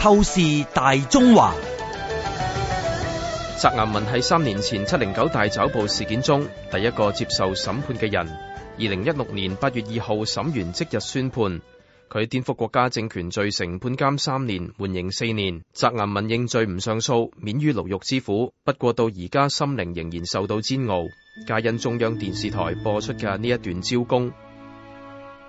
透視大中華，翟岩民喺三年前七零九大抓捕事件中，第一個接受審判嘅人。二零一六年八月二號，審完即日宣判，佢顛覆國家政權罪成，判監三年，緩刑四年。翟岩民認罪唔上訴，免於牢獄之苦。不過到而家心靈仍然受到煎熬，皆因中央電視台播出嘅呢一段招供。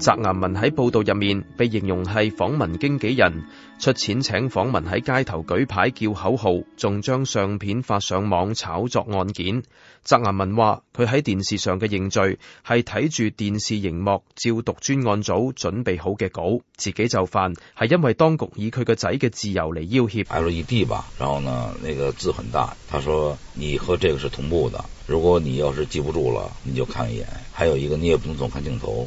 翟岩民喺報道入面被形容係訪民經紀人，出錢請訪民喺街頭舉牌叫口號，仲將相片發上網炒作案件。翟岩民話：佢喺電視上嘅認罪係睇住電視熒幕，照讀專案組準備好嘅稿，自己就範係因為當局以佢個仔嘅自由嚟要挾。L E D 吧，然後呢，那個字很大，他說你和這個是同步的，如果你要是記不住了，你就看一眼。還有一個，你也不能總看鏡頭。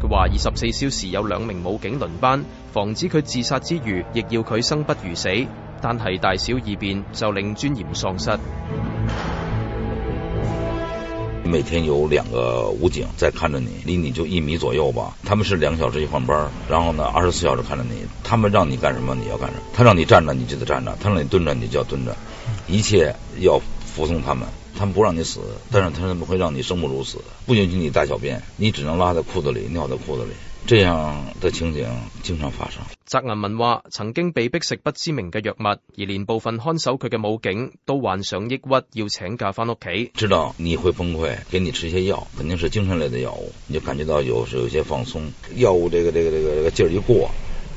佢話二十四小時有兩名武警輪班，防止佢自殺之餘，亦要佢生不如死。但係大小二便就令尊嚴喪失。每天有兩個武警在看着你，離你就一米左右吧。他們是兩小時一換班，然後呢，二十四小時看着你。他們讓你幹什麼，你要幹什麼。他讓你站着，你就得站着；他讓你蹲着，你就要蹲着。一切要服從他們。他們不讓你死，但是他們會讓你生不如死，不允許你大小便，你只能拉在褲子裏，尿在褲子裏，這樣的情景經常發生。翟岩民話，曾經被逼食不知名嘅藥物，而連部分看守佢嘅武警都患上抑鬱，要請假翻屋企。知道你會崩潰，給你吃些藥，肯定是精神類的藥物，你就感覺到有時有些放鬆，藥物這個這個這個這個勁兒一過。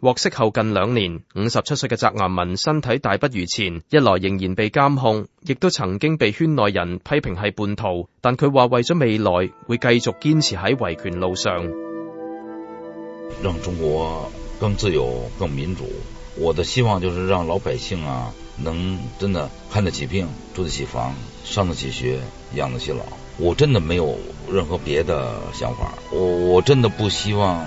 獲釋後近兩年，五十七歲嘅翟岩民身體大不如前，一來仍然被監控，亦都曾經被圈內人批評係叛徒，但佢話為咗未來會繼續堅持喺維權路上，讓中國更自由、更民主。我的希望就是讓老百姓啊，能真的看得起病、住得起房、上得起學、養得起老。我真的沒有任何別的想法，我我真的不希望。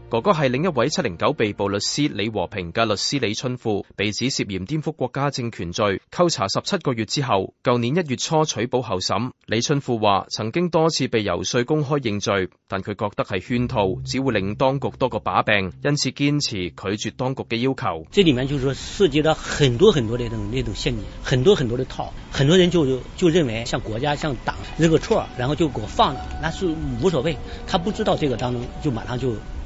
哥哥係另一位七零九被捕律師李和平嘅律師李春富，被指涉嫌顛覆國家政權罪，扣查十七個月之後，舊年一月初取保候審。李春富話：曾經多次被游說公開認罪，但佢覺得係圈套，只會令當局多個把柄，因此堅持拒絕當局嘅要求。這裏面就是說涉及到很多很多的那種那種陷阱，很多很多的套，很多人就就認為，像國家、像黨認個錯，然後就給我放了，那是無所謂。他不知道這個當中，就馬上就。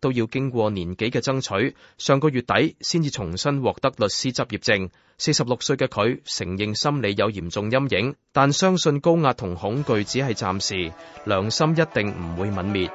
都要經過年幾嘅爭取，上個月底先至重新獲得律師執業證。四十六歲嘅佢承認心理有嚴重陰影，但相信高壓同恐懼只係暫時，良心一定唔會泯滅。